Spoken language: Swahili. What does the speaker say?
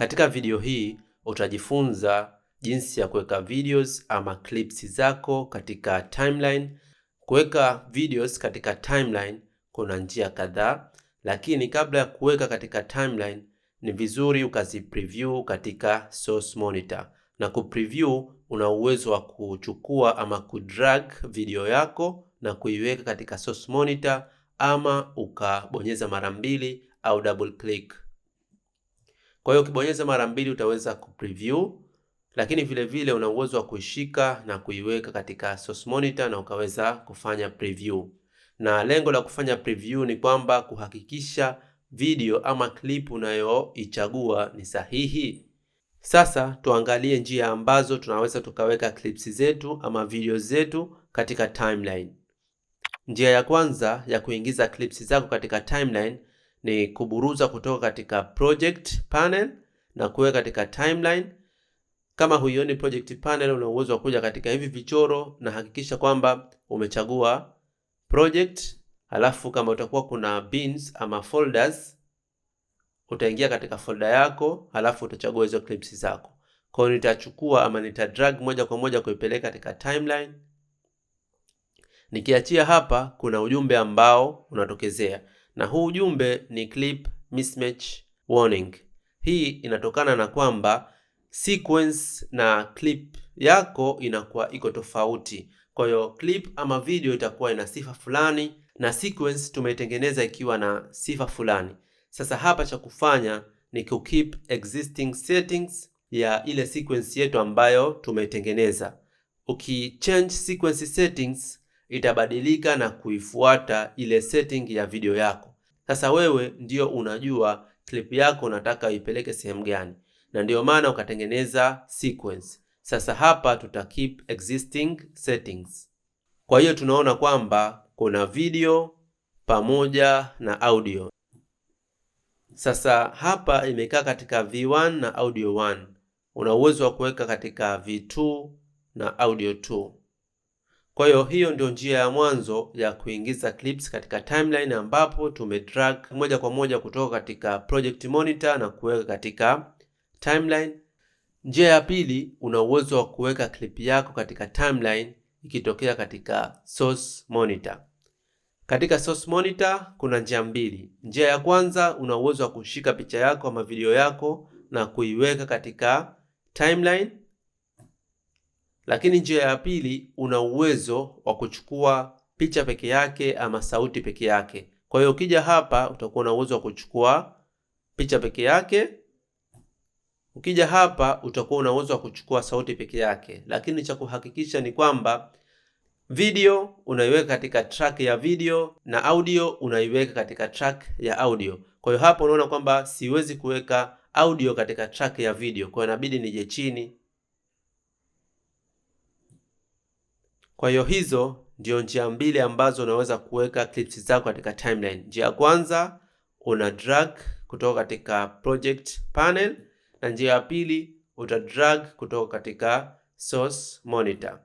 Katika video hii utajifunza jinsi ya kuweka videos ama clips zako katika timeline. Kuweka videos katika timeline kuna njia kadhaa, lakini kabla ya kuweka katika timeline ni vizuri ukazi preview katika source monitor, na ku preview una uwezo wa kuchukua ama kudrag video yako na kuiweka katika source monitor, ama ukabonyeza mara mbili au double click. Kwa hiyo ukibonyeza mara mbili utaweza kupreview, lakini vile vile una uwezo wa kuishika na kuiweka katika source monitor na ukaweza kufanya preview. Na lengo la kufanya preview ni kwamba kuhakikisha video ama clip unayoichagua ni sahihi. Sasa tuangalie njia ambazo tunaweza tukaweka clips zetu ama video zetu katika timeline. Njia ya kwanza ya kuingiza clips zako katika timeline ni kuburuza kutoka katika project panel na kuweka katika timeline. Kama huioni project panel, una uwezo wa kuja katika hivi vichoro na hakikisha kwamba umechagua project, halafu kama utakuwa kuna bins ama folders, utaingia katika folda yako, halafu utachagua hizo clips zako. Kwa hiyo nitachukua ama nita drag moja kwa moja kuipeleka katika timeline. Nikiachia hapa, kuna ujumbe ambao unatokezea na huu ujumbe ni clip mismatch warning. Hii inatokana na kwamba sequence na clip yako inakuwa iko tofauti. Kwa hiyo clip ama video itakuwa ina sifa fulani na sequence tumeitengeneza ikiwa na sifa fulani. Sasa hapa cha kufanya ni ku keep existing settings ya ile sequence yetu ambayo tumeitengeneza. Ukichange sequence settings itabadilika na kuifuata ile setting ya video yako. Sasa wewe ndio unajua clip yako unataka ipeleke sehemu gani, na ndiyo maana ukatengeneza sequence. Sasa hapa tuta keep existing settings. Kwa hiyo tunaona kwamba kuna video pamoja na audio. Sasa hapa imekaa katika V1 na audio 1. Una uwezo wa kuweka katika V2 na audio 2. Kwa hiyo hiyo ndio njia ya mwanzo ya kuingiza clips katika timeline, ambapo tumedrag moja kwa moja kutoka katika project monitor na kuweka katika timeline. Njia ya pili, una uwezo wa kuweka clip yako katika timeline ikitokea katika source monitor. Katika source monitor kuna njia mbili. Njia ya kwanza, una uwezo wa kushika picha yako ama video yako na kuiweka katika timeline lakini njia ya pili, una uwezo wa kuchukua picha peke yake ama sauti peke yake. Kwa hiyo ukija hapa utakuwa na uwezo wa kuchukua picha peke yake. Ukija hapa utakuwa una uwezo wa kuchukua sauti peke yake, lakini cha kuhakikisha ni kwamba video unaiweka katika track ya video na audio unaiweka katika track ya audio. Kwa hiyo hapo unaona kwamba siwezi kuweka audio katika track ya video, kwa hiyo inabidi nije chini Kwa hiyo hizo ndio njia mbili ambazo unaweza kuweka clips zako katika timeline. Njia ya kwanza una drag kutoka katika project panel, na njia ya pili uta drag kutoka katika source monitor.